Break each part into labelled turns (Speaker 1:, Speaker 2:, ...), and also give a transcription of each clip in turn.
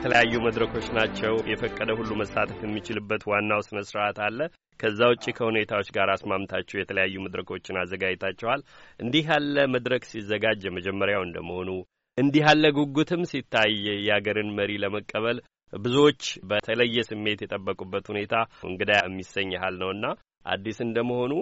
Speaker 1: የተለያዩ መድረኮች ናቸው። የፈቀደ ሁሉ መሳተፍ የሚችልበት ዋናው ስነ ስርዓት አለ። ከዛ ውጭ ከሁኔታዎች ጋር አስማምታችሁ የተለያዩ መድረኮችን አዘጋጅታችኋል። እንዲህ ያለ መድረክ ሲዘጋጅ የመጀመሪያው እንደመሆኑ እንዲህ ያለ ጉጉትም ሲታይ የአገርን መሪ ለመቀበል ብዙዎች በተለየ ስሜት የጠበቁበት ሁኔታ እንግዳ የሚሰኝ ያህል ነውና አዲስ እንደመሆኑ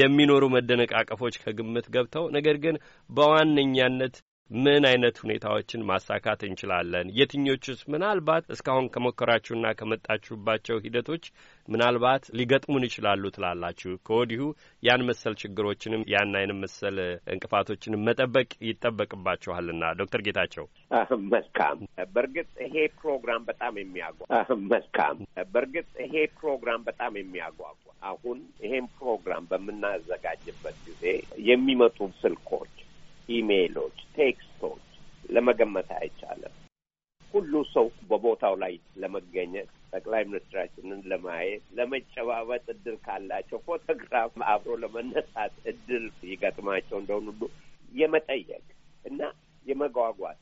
Speaker 1: የሚኖሩ መደነቃቀፎች ከግምት ገብተው ነገር ግን በዋነኛነት ምን አይነት ሁኔታዎችን ማሳካት እንችላለን? የትኞቹስ ምናልባት እስካሁን ከሞከራችሁና ከመጣችሁባቸው ሂደቶች ምናልባት ሊገጥሙን ይችላሉ ትላላችሁ? ከወዲሁ ያን መሰል ችግሮችንም ያን አይነት መሰል እንቅፋቶችንም መጠበቅ ይጠበቅባችኋልና። ዶክተር ጌታቸው መልካም።
Speaker 2: በእርግጥ ይሄ ፕሮግራም በጣም የሚያጓ መልካም። በእርግጥ ይሄ ፕሮግራም በጣም የሚያጓጓ አሁን ይሄን ፕሮግራም በምናዘጋጅበት ጊዜ የሚመጡ ስልኮች ኢሜይሎች፣ ቴክስቶች ለመገመት አይቻልም። ሁሉ ሰው በቦታው ላይ ለመገኘት ጠቅላይ ሚኒስትራችንን ለማየት ለመጨባበጥ እድል ካላቸው ፎቶግራፍ አብሮ ለመነሳት እድል ይገጥማቸው እንደሆን ሁሉ የመጠየቅ እና የመጓጓት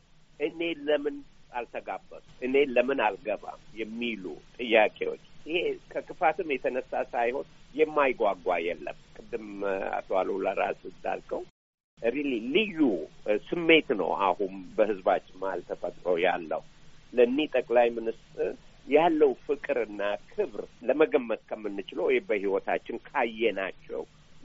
Speaker 2: እኔ ለምን አልተጋበሱ እኔ ለምን አልገባም የሚሉ ጥያቄዎች ይሄ ከክፋትም የተነሳ ሳይሆን የማይጓጓ የለም። ቅድም አቶ አሉላ ራስ እንዳልከው ሪሊ ልዩ ስሜት ነው አሁን በህዝባችን መሀል ተፈጥሮ ያለው ለእኒህ ጠቅላይ ሚኒስትር ያለው ፍቅርና ክብር ለመገመት ከምንችለው ወይ በህይወታችን ካየናቸው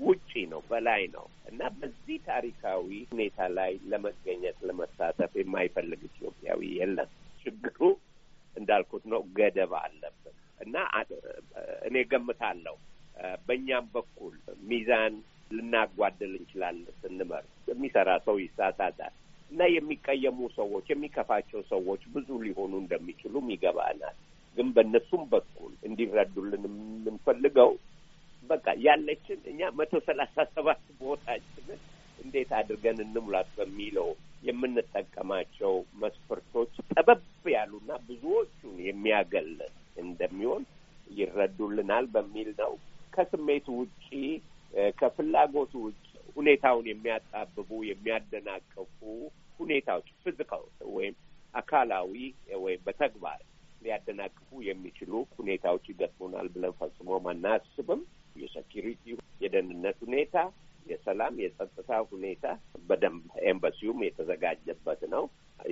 Speaker 2: ውጪ ነው፣ በላይ ነው እና በዚህ ታሪካዊ ሁኔታ ላይ ለመገኘት ለመሳተፍ የማይፈልግ ኢትዮጵያዊ የለም። ችግሩ እንዳልኩት ነው፣ ገደብ አለብን እና እኔ ገምታለሁ በእኛም በኩል ሚዛን ልናጓደል እንችላለን ስንመር። የሚሰራ ሰው ይሳሳታል እና የሚቀየሙ ሰዎች፣ የሚከፋቸው ሰዎች ብዙ ሊሆኑ እንደሚችሉም ይገባናል። ግን በእነሱም በኩል እንዲረዱልን የምንፈልገው በቃ ያለችን እኛ መቶ ሰላሳ ሰባት ቦታችንን እንዴት አድርገን እንሙላት በሚለው የምንጠቀማቸው መስፈርቶች ጠበብ ያሉና ብዙዎቹን የሚያገለን እንደሚሆን ይረዱልናል በሚል ነው። ከስሜት ውጪ ከፍላጎቱ ውጭ ሁኔታውን የሚያጣብቡ የሚያደናቀፉ ሁኔታዎች ፊዚካል ወይም አካላዊ ወይም በተግባር ሊያደናቅፉ የሚችሉ ሁኔታዎች ይገጥሙናል ብለን ፈጽሞ አናስብም። የሴኪሪቲ የደህንነት ሁኔታ፣ የሰላም የጸጥታ ሁኔታ በደንብ ኤምባሲውም የተዘጋጀበት ነው።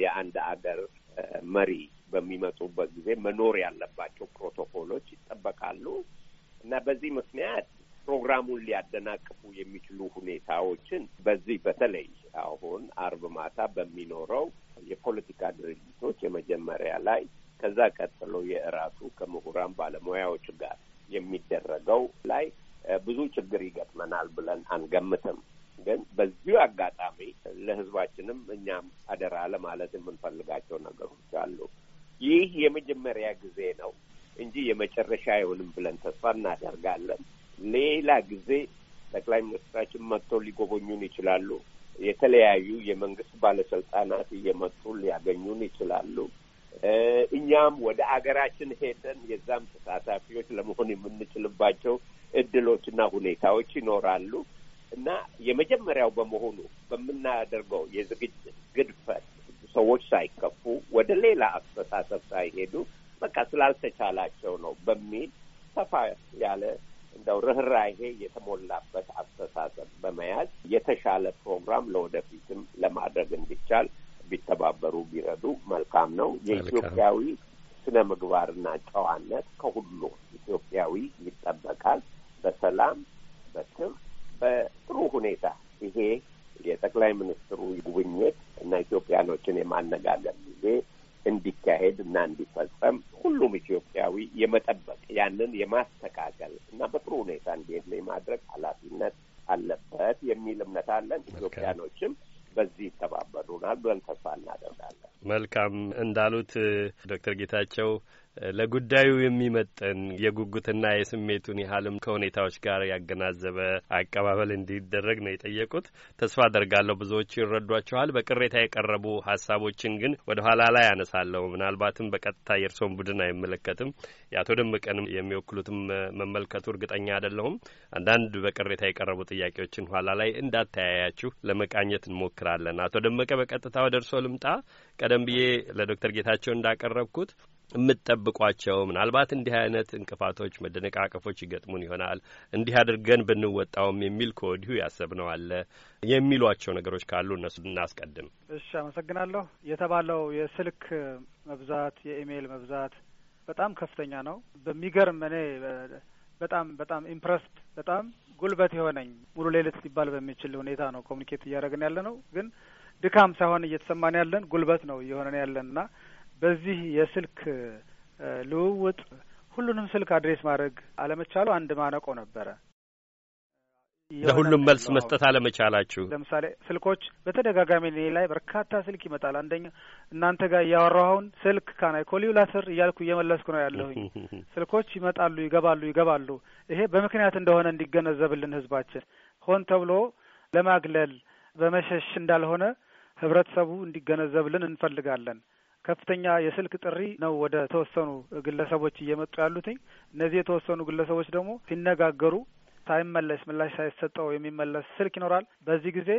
Speaker 2: የአንድ አገር መሪ በሚመጡበት ጊዜ መኖር ያለባቸው ፕሮቶኮሎች ይጠበቃሉ እና በዚህ ምክንያት ፕሮግራሙን ሊያደናቅፉ የሚችሉ ሁኔታዎችን በዚህ በተለይ አሁን አርብ ማታ በሚኖረው የፖለቲካ ድርጅቶች የመጀመሪያ ላይ ከዛ ቀጥሎ የእራሱ ከምሁራን ባለሙያዎች ጋር የሚደረገው ላይ ብዙ ችግር ይገጥመናል ብለን አንገምትም። ግን በዚሁ አጋጣሚ ለህዝባችንም እኛም አደራ ለማለት የምንፈልጋቸው ነገሮች አሉ። ይህ የመጀመሪያ ጊዜ ነው እንጂ የመጨረሻ አይሆንም ብለን ተስፋ እናደርጋለን። ሌላ ጊዜ ጠቅላይ ሚኒስትራችን መጥተው ሊጎበኙን ይችላሉ። የተለያዩ የመንግስት ባለስልጣናት እየመጡ ሊያገኙን ይችላሉ። እኛም ወደ አገራችን ሄደን የዛም ተሳታፊዎች ለመሆን የምንችልባቸው እድሎችና ሁኔታዎች ይኖራሉ እና የመጀመሪያው በመሆኑ በምናደርገው የዝግጅት ግድፈት ሰዎች ሳይከፉ ወደ ሌላ አስተሳሰብ ሳይሄዱ በቃ ስላልተቻላቸው ነው በሚል ሰፋ ያለ እንደው ርኅራሄ የተሞላበት አስተሳሰብ በመያዝ የተሻለ ፕሮግራም ለወደፊትም ለማድረግ እንዲቻል ቢተባበሩ ቢረዱ መልካም ነው። የኢትዮጵያዊ ስነ ምግባርና ጨዋነት ከሁሉ ኢትዮጵያዊ ይጠበቃል። በሰላም በትር በጥሩ ሁኔታ ይሄ የጠቅላይ ሚኒስትሩ ጉብኝት እና ኢትዮጵያኖችን የማነጋገር ጊዜ እንዲካሄድ እና እንዲፈጸም ሁሉም ኢትዮጵያዊ የመጠበቅ ያንን የማስተካከል እና በጥሩ ሁኔታ እንዲሄድ ነው የማድረግ ኃላፊነት አለበት የሚል እምነት አለን። ኢትዮጵያኖችም በዚህ ይተባበሩናል ብለን ተስፋ እናደርጋለን።
Speaker 1: መልካም እንዳሉት ዶክተር ጌታቸው ለጉዳዩ የሚመጥን የጉጉትና የስሜቱን ያህልም ከሁኔታዎች ጋር ያገናዘበ አቀባበል እንዲደረግ ነው የጠየቁት። ተስፋ አደርጋለሁ ብዙዎቹ ይረዷችኋል። በቅሬታ የቀረቡ ሀሳቦችን ግን ወደ ኋላ ላይ ያነሳለሁ። ምናልባትም በቀጥታ የእርስዎን ቡድን አይመለከትም። የአቶ ደመቀንም የሚወክሉትም መመልከቱ እርግጠኛ አይደለሁም። አንዳንድ በቅሬታ የቀረቡ ጥያቄዎችን ኋላ ላይ እንዳተያያችሁ ለመቃኘት እንሞክራለን። አቶ ደመቀ በቀጥታ ወደ እርስዎ ልምጣ። ቀደም ብዬ ለዶክተር ጌታቸው እንዳቀረብኩት የምትጠብቋቸው ምናልባት እንዲህ አይነት እንቅፋቶች፣ መደነቃቀፎች ይገጥሙን ይሆናል እንዲህ አድርገን ብንወጣውም የሚል ከወዲሁ ያሰብነው አለ የሚሏቸው ነገሮች ካሉ እነሱ እናስቀድም።
Speaker 3: እሺ፣ አመሰግናለሁ። የተባለው የስልክ መብዛት፣ የኢሜይል መብዛት በጣም ከፍተኛ ነው። በሚገርም እኔ በጣም በጣም ኢምፕረስድ በጣም ጉልበት የሆነኝ ሙሉ ሌሊት ሊባል በሚችል ሁኔታ ነው ኮሚኒኬት እያደረግን ያለ ነው። ግን ድካም ሳይሆን እየተሰማን ያለን ጉልበት ነው እየሆነን ያለን እና በዚህ የስልክ ልውውጥ ሁሉንም ስልክ አድሬስ ማድረግ አለመቻሉ አንድ ማነቆ ነበረ። ለሁሉም መልስ መስጠት
Speaker 1: አለመቻላችሁ።
Speaker 3: ለምሳሌ ስልኮች በተደጋጋሚ እኔ ላይ በርካታ ስልክ ይመጣል። አንደኛ እናንተ ጋር እያወራሁ ስልክ ካናይ ኮሊውላትር እያልኩ እየመለስኩ ነው ያለሁኝ። ስልኮች ይመጣሉ፣ ይገባሉ፣ ይገባሉ። ይሄ በምክንያት እንደሆነ እንዲገነዘብልን ህዝባችን ሆን ተብሎ ለማግለል በመሸሽ እንዳልሆነ ህብረተሰቡ እንዲገነዘብልን እንፈልጋለን። ከፍተኛ የስልክ ጥሪ ነው ወደ ተወሰኑ ግለሰቦች እየመጡ ያሉትኝ። እነዚህ የተወሰኑ ግለሰቦች ደግሞ ሲነጋገሩ ሳይመለስ ምላሽ ሳይሰጠው የሚመለስ ስልክ ይኖራል። በዚህ ጊዜ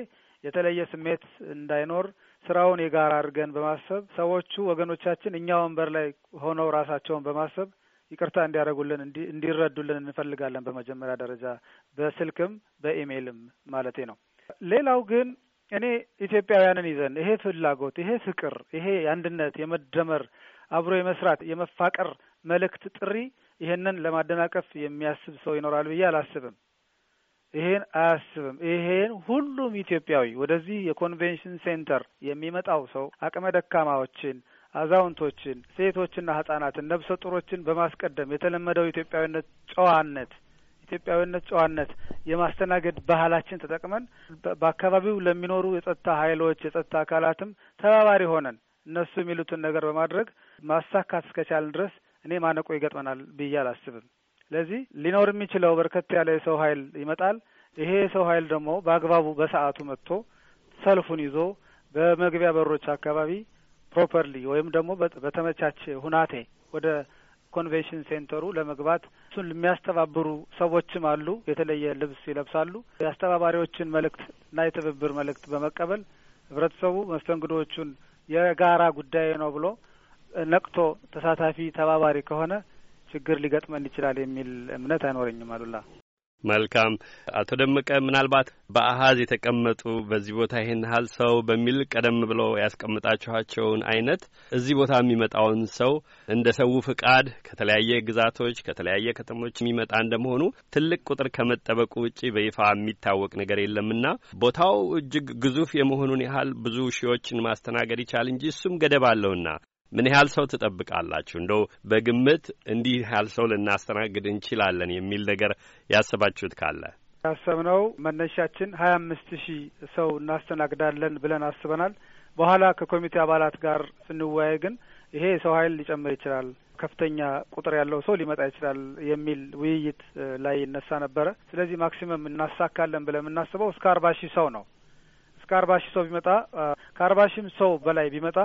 Speaker 3: የተለየ ስሜት እንዳይኖር ስራውን የጋራ አድርገን በማሰብ ሰዎቹ ወገኖቻችን እኛ ወንበር ላይ ሆነው ራሳቸውን በማሰብ ይቅርታ እንዲያደርጉልን እንዲረዱልን እንፈልጋለን። በመጀመሪያ ደረጃ በስልክም በኢሜይልም ማለቴ ነው። ሌላው ግን እኔ ኢትዮጵያውያንን ይዘን ይሄ ፍላጎት፣ ይሄ ፍቅር፣ ይሄ የአንድነት፣ የመደመር አብሮ የመስራት የመፋቀር መልእክት ጥሪ ይሄንን ለማደናቀፍ የሚያስብ ሰው ይኖራል ብዬ አላስብም። ይሄን አያስብም። ይሄን ሁሉም ኢትዮጵያዊ ወደዚህ የኮንቬንሽን ሴንተር የሚመጣው ሰው አቅመ ደካማዎችን፣ አዛውንቶችን፣ ሴቶችና ህጻናትን፣ ነብሰ ጡሮችን በማስቀደም የተለመደው ኢትዮጵያዊነት ጨዋነት የኢትዮጵያዊነት ጨዋነት የማስተናገድ ባህላችን ተጠቅመን በአካባቢው ለሚኖሩ የጸጥታ ኃይሎች የጸጥታ አካላትም ተባባሪ ሆነን እነሱ የሚሉትን ነገር በማድረግ ማሳካት እስከቻልን ድረስ እኔ ማነቆ ይገጥመናል ብዬ አላስብም። ስለዚህ ሊኖር የሚችለው በርከት ያለ የሰው ኃይል ይመጣል። ይሄ የሰው ኃይል ደግሞ በአግባቡ በሰዓቱ መጥቶ ሰልፉን ይዞ በመግቢያ በሮች አካባቢ ፕሮፐርሊ ወይም ደግሞ በተመቻቸ ሁናቴ ወደ ኮንቬንሽን ሴንተሩ ለመግባት እሱን የሚያስተባብሩ ሰዎችም አሉ። የተለየ ልብስ ይለብሳሉ። የአስተባባሪዎችን መልእክት እና የትብብር መልእክት በመቀበል ህብረተሰቡ መስተንግዶዎቹን የጋራ ጉዳይ ነው ብሎ ነቅቶ ተሳታፊ ተባባሪ ከሆነ ችግር ሊገጥመን ይችላል የሚል እምነት አይኖረኝም። አሉላ
Speaker 1: መልካም አቶ ደመቀ ምናልባት በአሀዝ የተቀመጡ በዚህ ቦታ ይህን ያህል ሰው በሚል ቀደም ብሎ ያስቀምጣችኋቸውን አይነት እዚህ ቦታ የሚመጣውን ሰው እንደ ሰው ፍቃድ ከተለያየ ግዛቶች ከተለያየ ከተሞች የሚመጣ እንደመሆኑ ትልቅ ቁጥር ከመጠበቁ ውጪ በይፋ የሚታወቅ ነገር የለምና ቦታው እጅግ ግዙፍ የመሆኑን ያህል ብዙ ሺዎችን ማስተናገድ ይቻል እንጂ እሱም ገደብ አለውና ምን ያህል ሰው ትጠብቃላችሁ? እንደው በግምት እንዲህ ያህል ሰው ልናስተናግድ እንችላለን የሚል ነገር ያሰባችሁት ካለ?
Speaker 3: ያሰብነው መነሻችን ሀያ አምስት ሺህ ሰው እናስተናግዳለን ብለን አስበናል። በኋላ ከኮሚቴ አባላት ጋር ስንወያይ ግን ይሄ የሰው ኃይል ሊጨምር ይችላል፣ ከፍተኛ ቁጥር ያለው ሰው ሊመጣ ይችላል የሚል ውይይት ላይ ይነሳ ነበረ። ስለዚህ ማክሲመም እናሳካለን ብለን የምናስበው እስከ አርባ ሺህ ሰው ነው። እስከ አርባ ሺህ ሰው ቢመጣ ከአርባ ሺህም ሰው በላይ ቢመጣ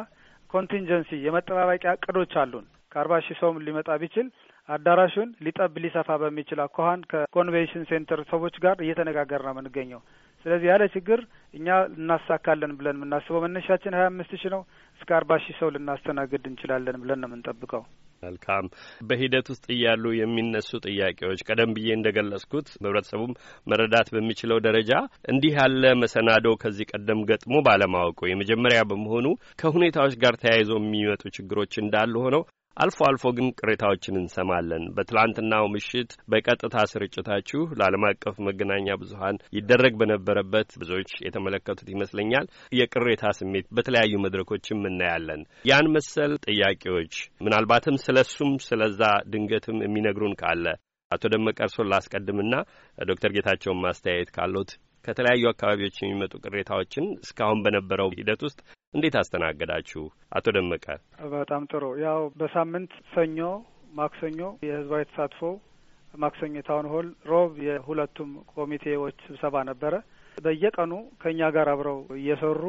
Speaker 3: ኮንቲንጀንሲ የመጠባበቂያ እቅዶች አሉን። ከአርባ ሺህ ሰውም ሊመጣ ቢችል አዳራሹን ሊጠብ ሊሰፋ በሚችል አኳኋን ከኮንቬንሽን ሴንተር ሰዎች ጋር እየተነጋገር ነው የምንገኘው። ስለዚህ ያለ ችግር እኛ እናሳካለን ብለን የምናስበው መነሻችን ሀያ አምስት ሺህ ነው። እስከ አርባ ሺህ ሰው ልናስተናግድ እንችላለን ብለን ነው የምንጠብቀው።
Speaker 1: መልካም በሂደት ውስጥ እያሉ የሚነሱ ጥያቄዎች ቀደም ብዬ ገለጽኩት ህብረተሰቡም መረዳት በሚችለው ደረጃ እንዲህ ያለ መሰናዶ ከዚህ ቀደም ገጥሞ ባለማወቁ የመጀመሪያ በመሆኑ ከሁኔታዎች ጋር ተያይዞ የሚመጡ ችግሮች እንዳሉ ሆነው አልፎ አልፎ ግን ቅሬታዎችን እንሰማለን። በትላንትናው ምሽት በቀጥታ ስርጭታችሁ ለዓለም አቀፍ መገናኛ ብዙኃን ይደረግ በነበረበት ብዙዎች የተመለከቱት ይመስለኛል። የቅሬታ ስሜት በተለያዩ መድረኮችም እናያለን። ያን መሰል ጥያቄዎች ምናልባትም ስለ እሱም ስለዛ ድንገትም የሚነግሩን ካለ አቶ ደመቀ እርሶን ላስቀድምና ዶክተር ጌታቸውን ማስተያየት ካሎት ከተለያዩ አካባቢዎች የሚመጡ ቅሬታዎችን እስካሁን በነበረው ሂደት ውስጥ እንዴት አስተናገዳችሁ? አቶ ደመቀ
Speaker 3: በጣም ጥሩ። ያው በሳምንት ሰኞ፣ ማክሰኞ የህዝባዊ ተሳትፎ ማክሰኞ ታውን ሆል፣ ሮብ የሁለቱም ኮሚቴዎች ስብሰባ ነበረ። በየቀኑ ከእኛ ጋር አብረው እየሰሩ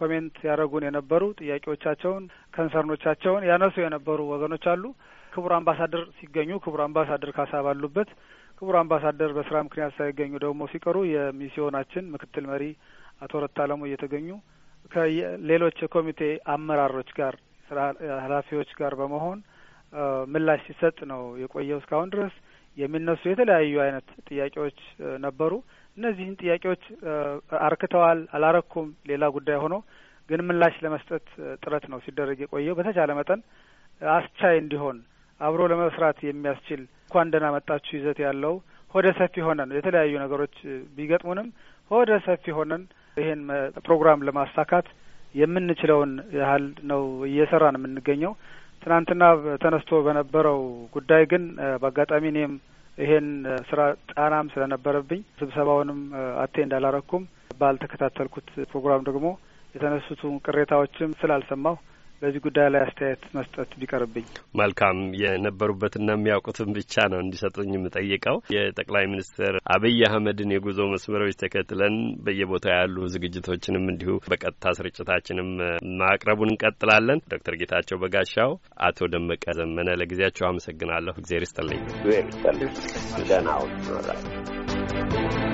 Speaker 3: ኮሜንት ያደረጉን የነበሩ ጥያቄዎቻቸውን፣ ከንሰርኖቻቸውን ያነሱ የነበሩ ወገኖች አሉ። ክቡር አምባሳደር ሲገኙ ክቡር አምባሳደር ካሳ ባሉበት ክቡር አምባሳደር በስራ ምክንያት ሳይገኙ ደግሞ ሲቀሩ የሚስዮናችን ምክትል መሪ አቶ ረታ አለሙ እየተገኙ ከሌሎች የኮሚቴ አመራሮች ጋር ስራ ኃላፊዎች ጋር በመሆን ምላሽ ሲሰጥ ነው የቆየው። እስካሁን ድረስ የሚነሱ የተለያዩ አይነት ጥያቄዎች ነበሩ። እነዚህን ጥያቄዎች አርክተዋል አላረኩም፣ ሌላ ጉዳይ ሆኖ ግን ምላሽ ለመስጠት ጥረት ነው ሲደረግ የቆየው። በተቻለ መጠን አስቻይ እንዲሆን አብሮ ለመስራት የሚያስችል እንኳን ደህና መጣችሁ ይዘት ያለው ሆደ ሰፊ ሆነን የተለያዩ ነገሮች ቢገጥሙንም ሆደ ሰፊ ሆነን ይህን ፕሮግራም ለማሳካት የምንችለውን ያህል ነው እየሰራን የምንገኘው። ትናንትና ተነስቶ በነበረው ጉዳይ ግን በአጋጣሚ እኔም ይሄን ስራ ጫናም ስለነበረብኝ ስብሰባውንም አቴ እንዳላረኩም ባልተከታተልኩት ፕሮግራም ደግሞ የተነሱትን ቅሬታዎችም ስላልሰማሁ በዚህ ጉዳይ ላይ አስተያየት መስጠት ቢቀርብኝ።
Speaker 1: መልካም የነበሩበትና የሚያውቁትን ብቻ ነው እንዲሰጡኝ የምጠይቀው። የጠቅላይ ሚኒስትር አብይ አህመድን የጉዞ መስመሮች ተከትለን በየቦታው ያሉ ዝግጅቶችንም እንዲሁ በቀጥታ ስርጭታችንም ማቅረቡን እንቀጥላለን። ዶክተር ጌታቸው በጋሻው፣ አቶ ደመቀ ዘመነ ለጊዜያቸው አመሰግናለሁ። እግዜር ይስጥልኝ።
Speaker 2: እግዜር ይስጥልኝ። ደህና ሁኑ።